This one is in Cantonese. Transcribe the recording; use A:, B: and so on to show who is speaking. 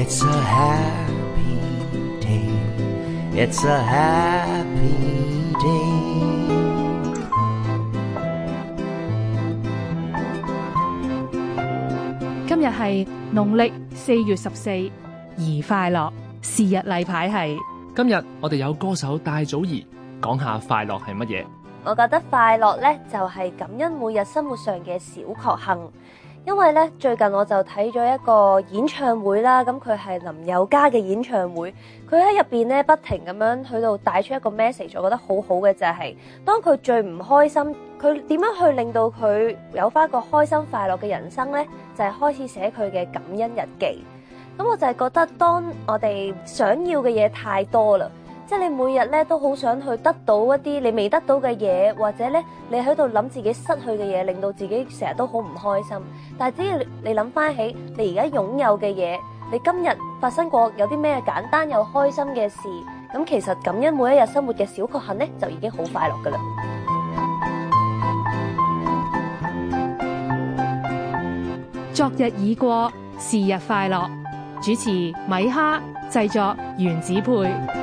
A: It's a happy day. It's a happy day.
B: 今日係農曆四月十四，儀快樂。是日例牌係
A: 今日，我哋有歌手戴祖儀講下快樂係乜嘢。
C: 我覺得快樂咧就係感恩每日生活上嘅小確幸，因為咧最近我就睇咗一個演唱會啦，咁佢係林宥嘉嘅演唱會，佢喺入邊咧不停咁樣去到帶出一個 message，我覺得好好嘅就係當佢最唔開心，佢點樣去令到佢有翻個開心快樂嘅人生咧，就係開始寫佢嘅感恩日記。咁我就係覺得，當我哋想要嘅嘢太多啦。即係你每日咧都好想去得到一啲你未得到嘅嘢，或者咧你喺度諗自己失去嘅嘢，令到自己成日都好唔開心。但係只要你諗翻起你而家擁有嘅嘢，你今日發生過有啲咩簡單又開心嘅事，咁其實感恩每一日生活嘅小確幸咧就已經好快樂噶啦。
D: 昨日已過，是日快樂。主持米哈，製作原子配。